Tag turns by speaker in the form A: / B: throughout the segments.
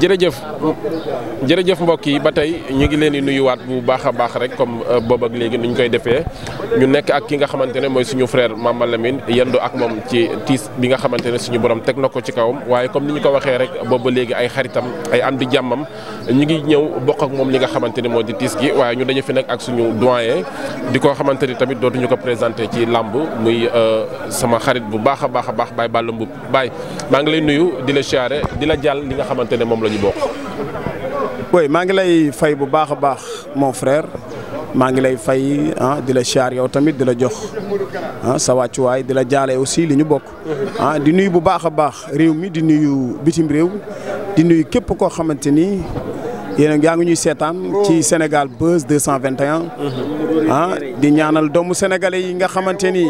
A: jërëjëf jërëjëf mbokk yi ba tey ñu ngi leen di nuyuwaat bu baax a baax rek comme euh, booba léegi léegi ñu koy defee ñu nekk ak ki nga xamante ne mooy suñu frère Mama Lamine yendoo ak moom ci tiis bi nga xamante ne suñu borom teg na ko ci kawam waaye comme ni ñu ko waxee rek boobu léegi ay xaritam ay am di jàmmam ñu ngi ñëw bokk ak moom li nga xamante ne moo di tiis gi waaye ñu daje fi nag ak suñu doyen di ko xamante ni tamit dootuñu ko présenté ci làmb muy euh, sama xarit bu baax a baax a baax Baye Balla Mboup Baye ngi lay nuyu di la siyaare di la jàll li ne moom moom la ñu bokk.
B: oui maa ngi lay fay bu baax a baax mon frère maa ngi lay fay ah di la siyaar yow tamit di la jox ah sa wàccuwaay di la jaale aussi li ñu bokk. ah di nuyu bu baax a baax réew mi di nuyu bitim réew di nuyu képp koo xamante ni yéen yaa ngi ñuy seetaan ci Sénégal Buzz di ñaanal doomu sénégalais yi nga xamante ni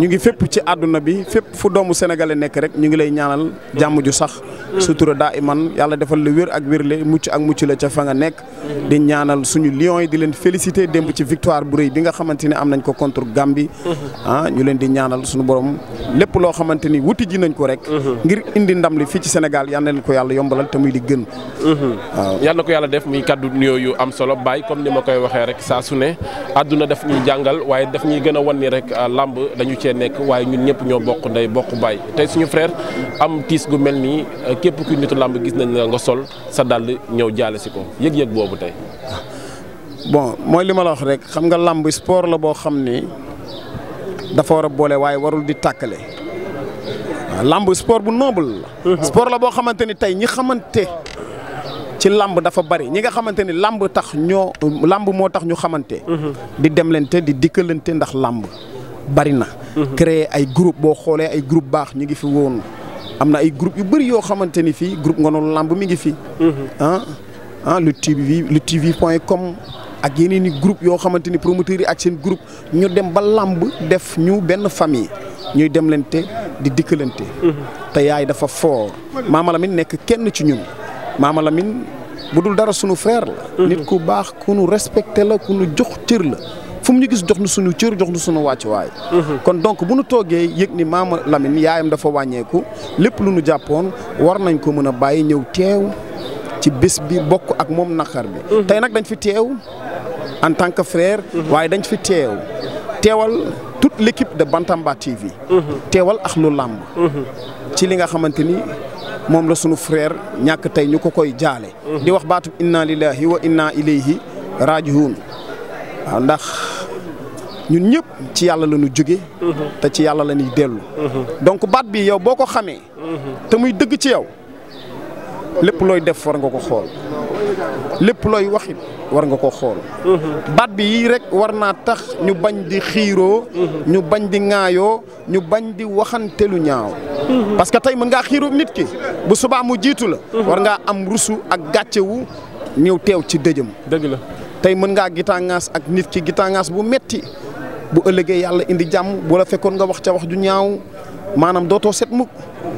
B: ñu ngi fépp ci àdduna bi fépp fu doomu sénégalais nekk rek ñu ngi lay ñaanal jàmm ju sax sutura daa man yàlla defal la wér ak le mucc ak mucc la ca fa nga nekk di ñaanal suñu lions yi di leen félicité démb ci victoire bu rëy bi nga xamante ni am nañ ko contre Gambie ah ñu leen di ñaanal suñu borom lépp loo xamante ni wuti ji nañ ko rek ngir indi ndam li fii ci Sénégal yal ko yàlla yombalal te muy li gën
A: yàlla def muy kaddu nuyoo yu am solo Baye comme ni koy waxee rek saa àdduna daf ñuy jàngal waaye daf ñuy gën a wan ni rek ah, làmb dañu cee nekk waaye ñun ñëpp ñoo bokk ndey bokk baay tey suñu frère am tiis gu mel nii ah, képp ku nitu làmb gis nañ la nga sol sa dàll ñëw jaale si ko yëg-yëg boobu tey.
B: bon mooy li ma wax rek xam nga làmb spoor la boo xam ni dafa war a boole waaye warul di tàkkale. làmb sport bu noble la. Mhm. la boo xamante ni tey ñi xamante. ci làmb dafa bari ñi nga xamante ni làmb tax ñoo làmb moo tax ñu xamante. Mhm. di demlante di dikkalante ndax làmb bari na. Mhm. créer ay groupe boo xoolee ay groupe baax ñu ngi fi woon am na ay groupe yu bëri yoo xamante ni fii groupe noonu làmb mi ngi fi. Mhm. ah ah Lutte TV Lutte TV comme ak yeneen i groupe yoo xamante ni promoteurs yi ak seen groupe ñu dem ba làmb def ñu benn famille ñuy demlante di dikkalante. te yaay dafa fort maama Lamine nekk kenn ci ñun. Maama Lamine bu dul dara sunu frère la. Mhm. nit ku baax ku nu respecté la ku jox cër la fu mu ñu gis jox nu sunu cër jox nu sunu wàccuwaay. Mhm. kon donc bu nu toogee yëg ni Maama Lamine yaayam dafa wàññeeku lépp lu nu jàppoon war nañ ko mën a bàyyi ñëw teew ci bés bi bokk ak moom naqar bi. Mhm. tey nag dañ fi teew en tant que frère. waaye dañ fi teew teewal toute l'équipe de Bantamba TV. teewal ak lu làmb. ci li nga xamante ni. moom la sunu frère ñàkk tey ñu ko koy jaale. Mhm. di wax baatu inna lillahi wa inna ilayhi rajiun waaw ndax ñun ñëpp ci yàlla la ñu jóge mhm. te ci yàlla la ñuy dellu. Mhm. donc baat bi yow boo ko xamee. te muy dëgg ci yow lépp looy def war nga ko xool. lépp looy waxit war nga ko xool baat bi yii rek war naa tax ñu bañ di xiiroo ñu bañ di ŋaayoo ñu bañ di waxanteelu ñaaw parce que tey mën ngaa xiiroo nit ki bu subaa mu jiitu la war ngaa am rusu ak gàccewu ñëw teew ci dëjëm dëgg la tey mën ngaa gitaangaas ak nit ki gitaangaas bu metti bu ëllëgee yàlla indi jàmm bu la fekkoon nga wax ca wax ju ñaaw maanaam dootoo set mukk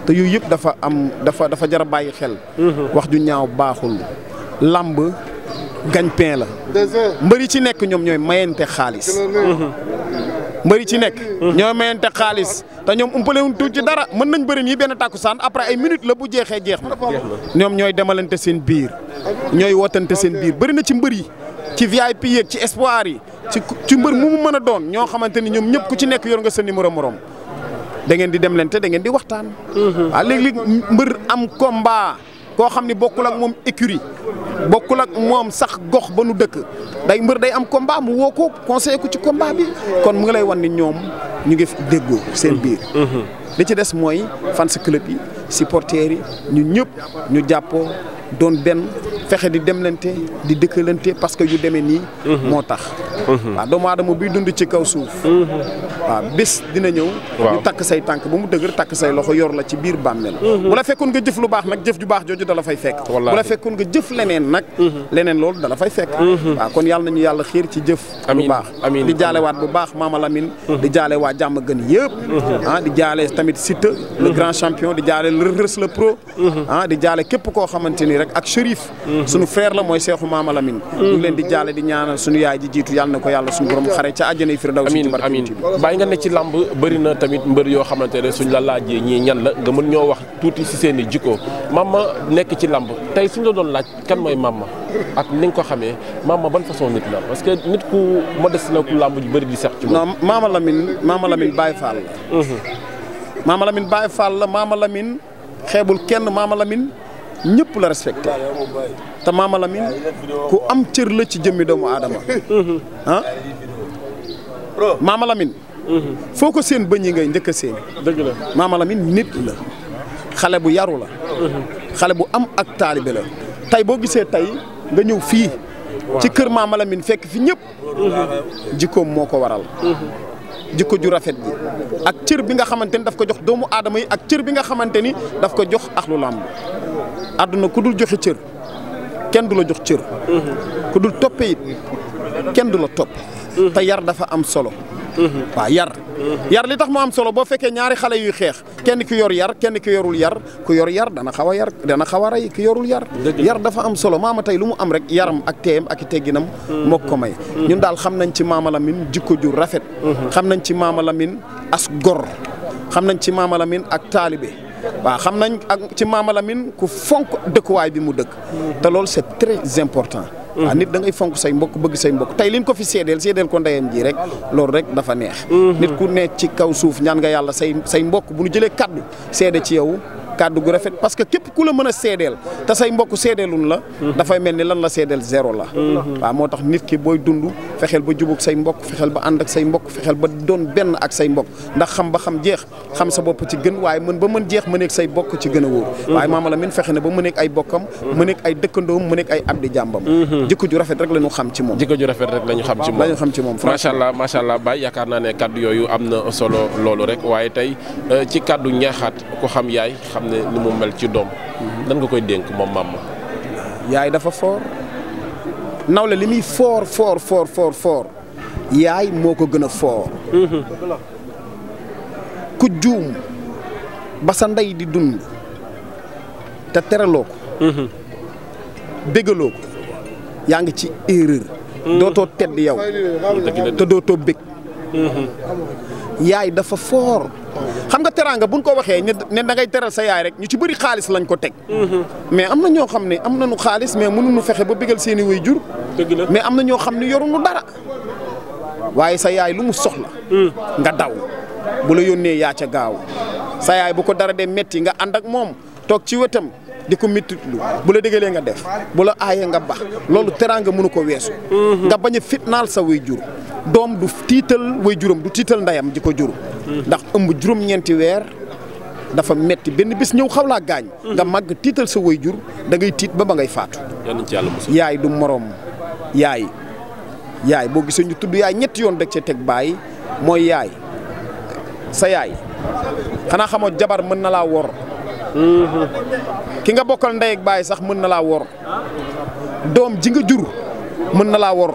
B: te yooyu yëpp dafa am dafa dafa jar bàyyi xel mhm. wax ju ñaaw baaxul làmb gagne-pain la. mbëri ci nekk ñoom ñooy mayente xaalis. mbëri ci nekk. Mm-hmm. Mm-hmm. ñooy mayante xaalis te ñoom umpale wuñ tuuti ci dara mën nañ bëri nii benn tàkkusaan après ay minutes la bu jeexee jeex na. ñoom ñooy demalante seen biir. ñooy wootante seen biir bëri na ci mbër yi ci VIP yeeg ci espoir yi ci ci mbër mu mu mën a doon ñoo xamante ni ñoom ñëpp ku ci nekk yor nga sa numéro morom da ngeen di dem leen da ngeen di waxtaan. Mm-hmm. waaw léeg-léeg mbër am komba koo xam ni bokkul ak moom écurie bokkul ak moom sax gox ba nu dëkk day mbër day am combat mu woo ko conseillé ko ci komba bi kon mu ngi lay wan ni ñoom ñu ngi fi déggoo seen biir mm-hmm. li ci des mooy fans club yi supporters yi ñu ñëpp ñu jàppoo doon benn fexe di demlante di dëkkalante parce que yu demee nii. Mhm. moo tax. Mhm. waaw doomu aadama buy dund ci kaw suuf. Mhm. waaw bés dina ñëw. waaw ñu takk say tànk ba mu dëgër takk say loxo yor la ci biir bàmmeel. bu la fekkoon nga jëf lu baax nag jëf ju baax jooju dala fay fekk. bu la fekkoon nga jëf leneen nag. leneen loolu dala fay fekk. waaw kon yàlla nañu yàlla xiir ci jëf. lu baax di jaalewaat bu baax Mama Lamine. di jaale waa jàmm gën yëpp. ah di jaale tamit Siteu. rës la pro. ah di jaale képp koo xamante ni rek ak Chérif. sunu frère la mooy seexu Maama Lamine. ñu ngi leen di jaale di ñaanal sunu yaay ji jiitu yàlla ko yàlla sunu borom xare ca àjjana firdawsi.
A: ne ci làmb la ñan la nga ñoo wax tuuti si seen i jikko mama nekk ci làmb tey suñ la doon laaj kan mooy mama ak ni nga ko xamee mama ban façon nit la que nit ku modeste la ku làmb ji bëri di sax ci moom. non
B: xeebul kenn Maama Lamine ñëpp la respecté te Maama ku am cër la ci jëmmi doomu aadama ah Maama Lamine foo ko seen bëñ yi ngay njëkk a seen dëgg la Maama nit la xale bu yaru la xale bu am ak taalibe la tey boo gisee tey nga ñëw fii ci kër Maama Lamine fekk fi ñëpp jikkoom moo ko waral jikko ju rafet ji ak cër bi nga xamante ni daf ko jox doomu aadama yi ak cër bi nga xamante ni daf ko jox axlu làmb àdduna ku dul joxe cër kenn du la jox cër mhm. ku dul toppe it kenn du la topp mhm. te yar dafa am solo
C: Mm-hmm. waaw yar mm-hmm.
B: yar li tax mu am solo boo fekkee ñaari xale yuy xeex kenn ki yor yar kenn ki yorul yar ku yor yar dana xaw a yar dana xaw a rey ki yorul yar yar dafa am solo maama tey lu mu am rek yaram ak teem ak i tegginam mm-hmm. moo ko may ñun daal xam nañ ci maama Lamine jikko ju rafet xam nañ ci maama Lamine as gor xam nañ ci maama Lamine ak taalibe waaw xam nañ ak ci maama Lamine ku fonk dëkkuwaay bi mu dëkk te loolu c'est très important waaw mm-hmm. ah, nit dangay fonk say mbokk bëgg say mbokk tey liñ ko fi seedeel seedeel ko ndeyam ji rek loolu rek dafa neex mm-hmm. nit ku ne ci kaw suuf ñaan nga yàlla say say mbokk bu ñu jëlee kaddu seede ci yow kàddu gu rafet parce que képp ku la mën a seedeel te say mbokk seedeelun la dafay mel ni lan la seedeel zéro la waaw moo tax nit ki booy dund fexeel ba jubug say mbokk fexeel ba ànd ak say mbokk fexeel ba doon benn ak say mbokk ndax xam ba xam jeex xam sa bopp ci gën waaye mën ba mën jeex mëneeg say bokk ci gën a wóor waaye maama la min fexe ne ba mëneeg ay bokkam mëneeg ay dëkkandoom mëneeg ay abdi jàmbam mhm. jikko ju rafet rek la ñu xam ci moom
A: jikko ju rafet rek la ñu xam ci xam ci moom macha allah macha allah Baye yaakaar naa ne kaddu yooyu am na solo loolu rek waaye tey euh, ci kaddu ñaaxaat xam ne ni mu mel ci doom nan koy dénk moom maam ma
B: yaay dafa foor nawle li muy foor foor foor foor yaay moo ko gën a foor ku juum ba ndey di dund te teraloo ko bégaloo ko yaa ngi ci erreur
A: hmm. dootoo tedd yow te dootoo
B: bég hmm. yaay dafa foor xam nga teraanga buñ ko waxee ne da ngay teral sa yaay rek ñu ci bëri xaalis lañ ko teg. Mm-hmm. mais am na ñoo xam ne am na nañu xaalis mais mënuñu fexe ba bégal seen i jur dëgg la mais am na ñoo xam ne yoru yoruñu dara waaye sa yaay lu mu soxla. Mm. nga daw bu la yónnee yaa ca gaaw sa yaay bu ko dara dee metti nga ànd ak moom toog ci wetam. di ko mittitlu bu la dégalee nga def bu la aayee nga bax loolu teraanga mënu ko weesu. Mm-hmm. nga bañ a fitnaal sa jur doom du tiital way juróom du tiital ndeyam ji ko juru ndax ëmb juróom-ñeenti weer dafa metti benn bis ñëw xaw laa gaañ nga màgg tiital sa way jur da ngay tiit ba ba ngay faatu yaay du moroom yaay yaay boo gisee ñu tudd yaay ñetti yoon rek ci teg baay mooy yaay sa yaay xanaa xamoo jabar mën na laa wor ki nga bokkal ndey ak baay sax mën na laa wor doom ji nga jur mën na laa wor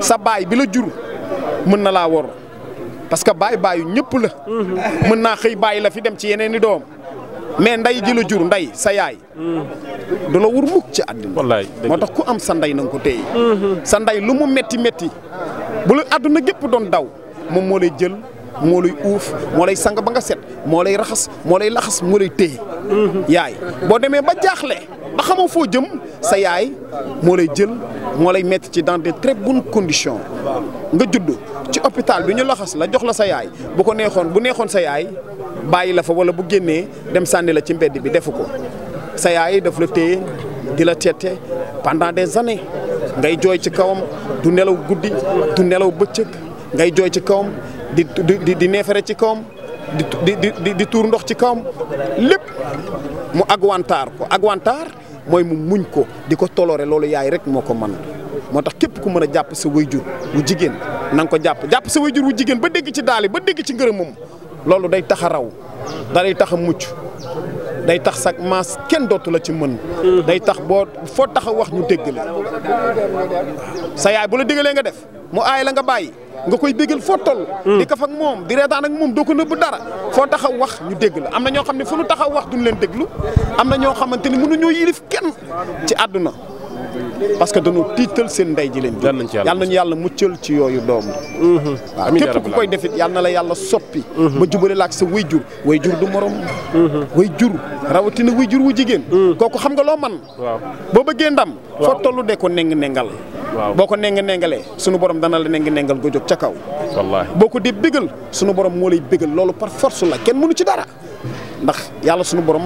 B: sa baay bi la jur mën na laa wor parce que baay baayu ñëpp la. mën naa xëy bàyyi la fi dem ci yeneen i doom mais ndey ji la jur nday sa yaay. du la wur mukk ci àddina. wallaay moo tax ku am sa nday na ko téye. sa nday lu mu metti metti bu la àdduna gépp doon daw moom moo lay jël. moo lay uuf moo lay sang ba nga set moo lay raxas moo lay laxas moo lay téye. Mm-hmm. yaay boo demee ba jaaxle ndax xamoo foo jëm sa yaay moo lay jël moo lay metti ci dans de très bonnes conditions nga judd ci hôpital bi ñu laxas la jox la sa yaay bu ko neexoon bu neexoon sa yaay bàyyi la fa wala bu génnee dem sànni la ci mbedd bi defu ko sa yaay daf la téye di la tette pendant des années ngay jooy ci kawam du nelaw guddi du nelaw bëccëg ngay jooy ci kawam di di di neefere ci kawam di di di tuur ndox ci kawam lépp mu agwantaar ko agwantaar mooy mu muñ ko di ko tolore loolu yaay rek moo ko man moo tax képp ku mën a jàpp sa wayjur wu jigéen nanga ko jàpp jàpp sa wayjur wu jigéen ba dégg ci daali ba dégg ci ngërëm moom loolu day tax a raw day tax a mucc day tax sax mas kenn dootu la ci mën. day tax boo foo tax wax ñu dégg la sa yaay bu la déggalee nga def mu aay la nga bàyyi nga koy bégal foo toll. Mm. di kaf ak moom di reetaan ak moom doo ko nëbbu dara foo tax wax ñu dégg la am na ñoo xam ne fu ñu tax wax duñ leen déglu am na ñoo xamante ni mënuñoo yilif kenn ci àdduna. parce que dañoo tiital seen ndey ji leen. yàlla nañu yàlla muccal ci yooyu doom mhm. waaw képp ku koy defit yàlla na la yàlla soppi. Mhm. ba jubale la ak sa way jur way jur du morom. Mhm. way jur rawatina way jur wu jigéen. kooku xam nga loo man boo bëggee ndam. foo tollu de ko neng nengal. waaw boo ko neng nengalee sunu borom dana la neng nengal go jóg ca kaw. wallaahi boo ko dee bégal sunu borom moo lay bégal loolu par force la kenn mënu ci dara. ndax yàlla sunu borom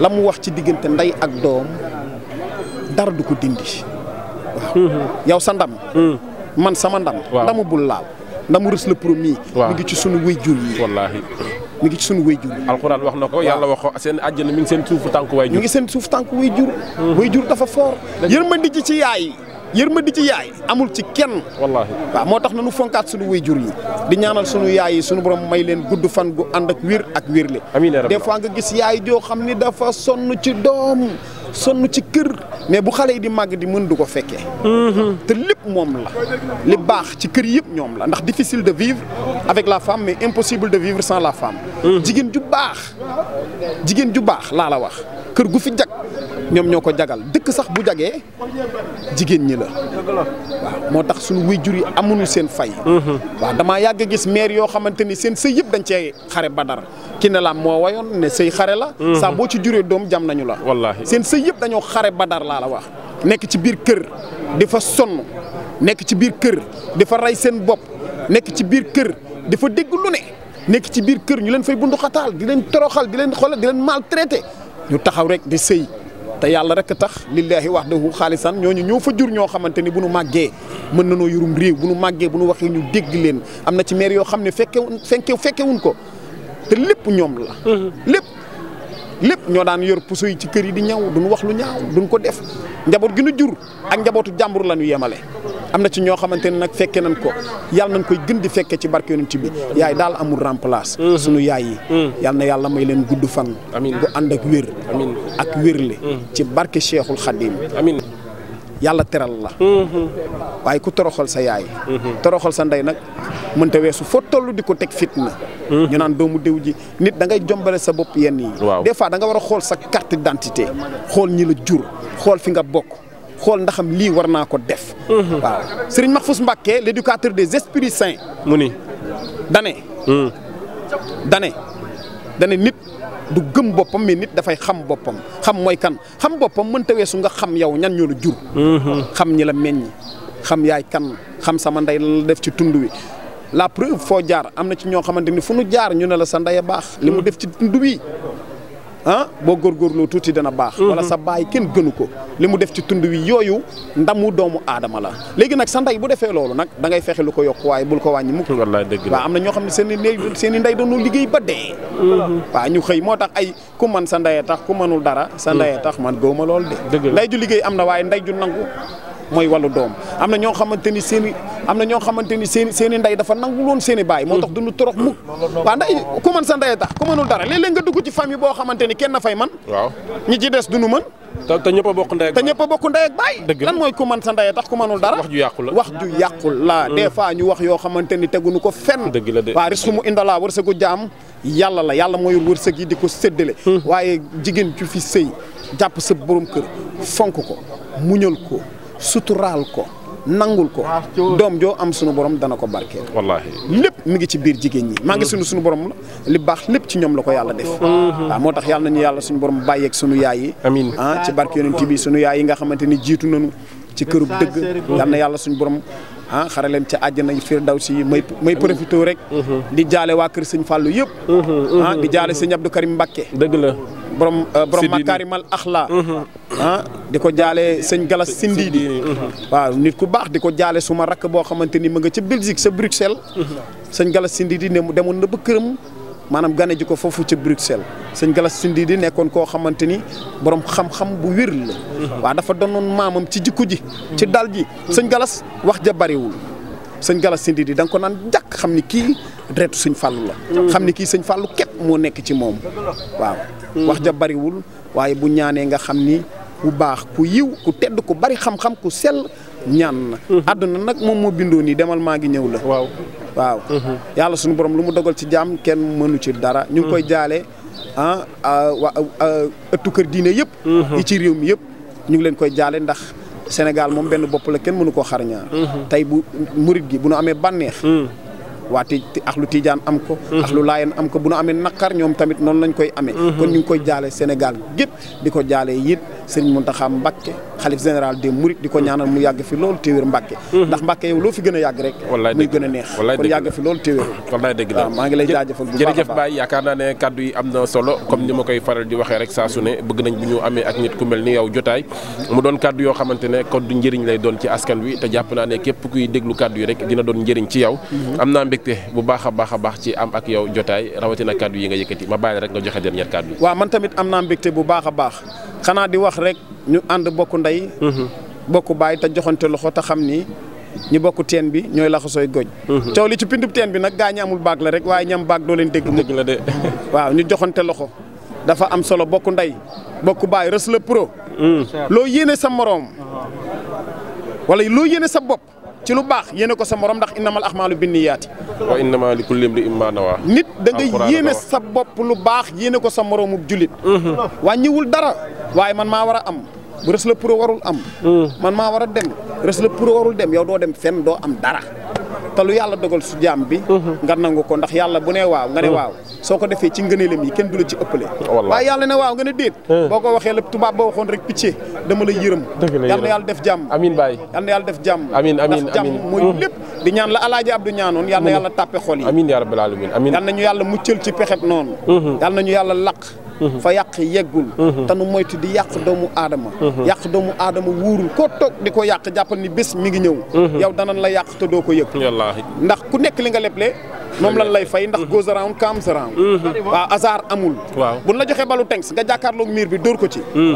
B: la mu wax ci diggante ndey ak doom. dara du ko dindi. waaw yow sa ndam. man sama ndam. ndamu bul laal ndamu
A: rës la promis. waaw mi ngi ci sunu jur yi. wallaahi mi ngi ci sunu wéyjur yi. alxuraan wax na ko yàlla wax ko seen àjjana mi ngi seen suufu tànku wéyjur. ngi
B: seen suufu tànku wéyjur. wéyjur dafa fort. yërmande ji ci yaay yi. yërmande ci yaay amul ci kenn. wallaahi moo tax na nu fonkaat sunu wéyjur yi di ñaanal sunu yaay yi sunu borom may leen gudd fan gu ànd ak wér ak wérle. amiin des nga gis yaay joo xam ni dafa sonn ci doom sonn ci kër mais bu xale yi di màgg di mën du ko fekkee mhm. te lépp moom la li baax ci kër yëpp ñoom la ndax difficile de vivre avec la femme mais impossible de vivre sans la femme mhm. jigéen ju baax jigéen ju baax laa la wax kër gu fi jag ñoom ñoo ko jagal dëkk sax bu jagee jigéen ñi la waaw moo tax sunu suñu jur yi amuñu seen fay mhm. waaw damaa yàgg a gis maire yoo xamante ni seen sëy yëpp dañ cee xare badar ki ne la moo wayoon ne sëy xare la mhm. saa boo ci juree doom jam nañu la wallaahi seen sëy yëpp dañoo xare badar laa la wax nekk ci biir kër di fa sonn nekk ci biir kër di fa rey seen bopp nekk ci biir kër di fa dégg lu ne nekk ci biir kër ñu leen fay bundu xataal di leen toroxal di leen xoolal di leen maltraité ñu taxaw rek di sëy te yàlla rek tax lillahi wahdahu xaalisan ñooñu ñoo fa jur ñoo xamante ni bu nu màggee mën nanoo yorum réew bu nu màggee bu nu waxee ñu dégg leen am na ci maire yoo xam ne fekke fekke fekkewuñ ko te lépp ñoom la mm-hmm. lépp lépp ñoo daan yor puso yi ci kër yi di ñaw duñ wax lu ñaaw duñ ko def njaboot gi nu jur ak njabootu jàmbur la ñu yemale am na ci ñoo xamante ne nag fekke nañ ko yal nañ koy gën di fekke ci barke yonent bi yaay daal amul remplace mm-hmm. sunu yaay yi mm-hmm. yàlla na yàlla may leen gudd fan amiin bu ànd ak wér ak wérle mm-hmm. ci barke Cheikhul Khadim amiin yàlla teral la waaye ku toroxal sa yaay toroxal sa ndey nag mënta weesu foo toll di ko teg fitna ñu naan doomu diw ji nit da ngay jombale sa bopp yenn yi des fois da war a xool sa carte d'identité xool ñi la jur xool fi nga bokk xool ndaxam lii war naa ko def mhm. waaw Serigne Mahfous Mbacké l'éducateur des esprits saints mu ni dane mhm. dane dana nit du gëm boppam mi nit dafay xam boppam xam mooy kan xam boppam mënta weesu nga xam yow ñan ñoo la jur. Mm-hmm. xam ñi la meññ xam yaay kan xam sama ndey la def ci tund wi. la preuve foo jaar am na ci ñoo xamante ni fu nu jaar ñu ne la sa nday a baax. li mu def ci tund wi. ah boo góorgóorloo tuuti dana baax. Mhm. wala sa baay kenn gënu ko. li mu def ci tund wi yooyu ndamu doomu aadama la léegi nag sa ndey bu defee loolu nag da ngay fexe lu ko yokk waaye bul ko wàññi mukk. wallaay dëgg la waaw am na ñoo xam ne seen i ndey seen liggéey ba dee. Mhm. waa ñu xëy moo tax ay ku man sa ndeyee tax ku manul dara. sa mhm. ndeyee tax man gëw ma lool de. dëgg la ndey ju liggéey am na waaye ndey ju nangu mooy wàllu doom am na ñoo xamante ni seen i am na ñoo xamante ni seen seen i ndey dafa nangu woon seeni i baay moo tax duñu torox mukk waaw nday ku mën sa ndey tax ku mënul dara nga dugg ci famille boo xamante ni kenn fay man waaw ñi des duñu mën te ñëpp a bokk ndey ak te ñëpp a bokk ndey ak mooy ku mën sa ndey tax ku manul dara wax ju yàqu la wax ju yàqul la mm. des fois ñu wax yoo xamante ni teguñu ko fenn waaw risque mu indala wërsëgu jaam yàlla la yàlla mooy wërsëg yi di ko séddale mm. waaye jigéen ju fi sëy jàpp sa borom kër fonk ko muñal ko suturaal ko nangul ko doom joo am sunu borom dana ko barke wallaahi lépp mu ngi ci biir jigéen ñi. maa ngi sunu sunu borom la li baax lépp ci ñoom la ko yàlla def. Mhm. waaw moo tax yàlla ñu yàlla suñu borom bàyyeeg sunu yaay yi. amiin ah ci barke yonent bi sunu yaay yi nga xamante ni jiitu nañu ci kërub dëgg. yàlla na yàlla suñu borom. ah xare leen ca àjjana firdawsi yi may may profité rek. Mhm. di jaale waa kër sëñ Fallou yëpp. Mhm, ah di jaale sëñ Abdou Karim Mbakke. dëgg la. borom euh, borom makaarimal axlaa mhm. ah di ko jaale sëñ Galas Sindi di mhm. waaw nit ku baax di ko jaale suma rakk boo xamante ni mu nga ca Belgique sa Bruxelles mhm. sañ Galas Sindi di ne mu demoon na ba këram maanaam gane ji ko foofu ca Bruxelles sëñ Galas Sindi di nekkoon koo xamante ni borom xam-xam bu wér la waaw dafa doonoon maamam ci jikko ji ci dal ji sëñ Galas wax ja bariwul sëñ Galas Sindi di da ko naan jàkk xam ni kii dretu sëñ Fàllu la xam ni kii sëñ Fàllu képp moo nekk ci moom waaw Mm-hmm. wax ja bariwul waaye bu ñaanee nga xam ni bu baax ku yiw ku tedd ku bari xam-xam ku sell ñaan na. Mm-hmm. àdduna nag moom moo bindoo nii demal maa ngi ñëw la. waaw waaw. Mm-hmm. yàlla suñu borom lu mu dogal ci jaam kenn mënu ci dara. ñu ngi koy jaale ah, a wa ëttu kër diine yëpp. yi ci réew mi yëpp ñu ngi leen koy jaale ndax Sénégal moom benn bopp la kenn mënu koo xar tey bu murit gi bu nu amee bànneex. Mm. waa ti axlu Tidiane am ko axlu Laayeen am ko bu nu amee naqar ñoom tamit noonu lañ koy amee mhm. kon ñu ngi koy jaale Sénégal gépp di ko jaale yit Serigne Mountakha Mbacké xalif général des Mourides di ko hmm. ñaanal mu yàgg fi loolu téewéer Mbàkke hmm. ndax Mbàkke yow loo
A: a maa ngi lay jaajëfal bu jërëjëf Baye yaakaar naa ne kaddu yi am na solo comme ni ma koy faral di waxe rek saa su ne bëgg nañ bu ñu amee ak nit ku mel ni yow jotaay mu doon kaddu yoo xamante ne kon du njëriñ lay doon ci askan wi te jàpp naa ne képp kuy déglu kaddu yi rek dina doon njëriñ ci yaw mm-hmm. am naa mbégte bu baax a baax a baax ci am ak yow jotaay rawatina kaddu yi nga yëkkati ma bàyyi rek nga joxe dernier kaddu yi waaw man tamit am naa mbégte bu baax a baax xanaa di wax rek ñu ànd bokk ndey. Mhm.
B: bokk baay te joxante loxo ta xam ni ñu bokk teen bi ñooy laxasooy goj mhm. coow li ci pindu teen bi nag gaa ñi amul baag la rek waaye ñam baag doo leen dégg. dëgg la de waaw ñu joxante loxo dafa am solo bokku ndey bokk baay rës la pro. Mhm. loo yéene sa moroom. wala loo yéene sa bopp. ci lu baax yéene ko sa moroom ndax innamal axmaalu binniyaati
A: wa innamaa likulli imri'in maa nawaa nit da nga yéene sa
B: bopp lu baax yéene ko sa moroomu jullit mhm. wàññiwul dara waaye man maa war a am res la pour warul am mhm. man maa war a dem res la pour warul dem yow doo dem fenn doo am dara te yàlla dogal su jaam bi mhm. nga nangu ko ndax yàlla bu ne waaw nga waaw soo ko defee ci ngëneelam yi kenn du la ci ëppale waaye yàlla ne waaw nga ne déet eh. boo ko waxee la tubaab ba waxoon rek picce dama la yërëm yal na yàlla def jàmm amiin baay yal na yàlla def jàmm amiin amiin ndax jàmm mooy mm. lépp di ñaan la alaaji abdu ñaanoon yal na mm. yàlla tàppe xol yi amiin yaa rabbal alamin amiin yal nañu yàlla muccal ci pexeb noonu mm-hmm. yal nañu yàlla laq mm-hmm. fa yàq yeggul mm-hmm. te nu moytu di yàq doomu aadama yàq doomu aadama wuurul koo toog di ko yàq jàppal ni bés mi ngi ñëw yow danan la yàq te doo ko yëg ndax ku nekk li nga leble moom lan lay fay ndax goes around comes around mm-hmm. waaw hasard amul waaw buñ la joxee balu tenks nga jàkkaarloog miir bi dóor ko ci mm.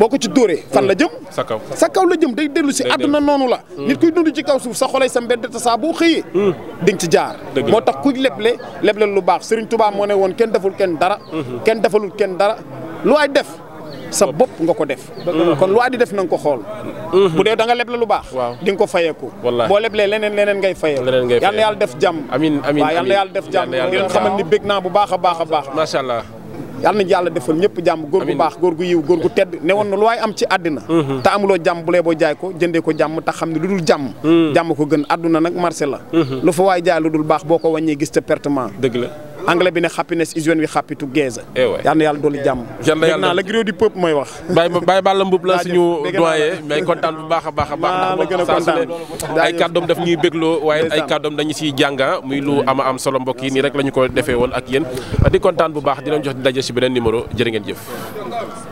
B: boo ko ci dóoree fan la jëm sa kaw sa kaw la jëm day dellu si na noonu la mm. nit kuy dund ci kaw suuf sa xolay sa mbedd te saa boo xëyee mm. dinga ci jaar moo tax ku leble leble lu baax Serigne Touba moo ne woon kenn deful kenn dara mm-hmm. kenn defalul kenn dara lu ay def sa bopp nga ko def. kon lu di def na nga ko xool. bu dee danga nga leble lu baax. di nga ko fayeeku. boo leblee leneen leneen ngay fayeeku. leneen ngay yal na yàlla def jàmm. amiin amiin yal na yàlla def jàmm ngeen xamal bu baax baax a baax. macha allah. yàlla na yàlla defal ñëpp jàmm góor gu baax góor gu yiw góor gu tedd ne woon na lu waay am ci àddina mhm. te amuloo jàmm bu lee boo jaay ko jëndee ko jàmm te xam ne lu dul jàmm mhm. jàmm ko gën àdduna nag marché la mhm. lu fa waay jaay lu dul baax boo ko wàññee gis te pertement dëgg la anglais bi ne happiness is when we happy together. Eh yal na yàlla dolli jàmm. yal na yàlla la
A: griot du mooy wax. bàyyi ma bàyyi Balla Mboup la suñu doyen mais kontaan bu baax a baax a baax. ndax moom saa su ne ay kàddoom daf ñuy bégloo waaye ay kàddoom dañu si jànga ah, muy lu ama am solo mbokk yi nii rek la ñu ko defee woon ak yéen di kontaan bu baax di leen jox di daje si beneen numéro jërë ngeen jëf.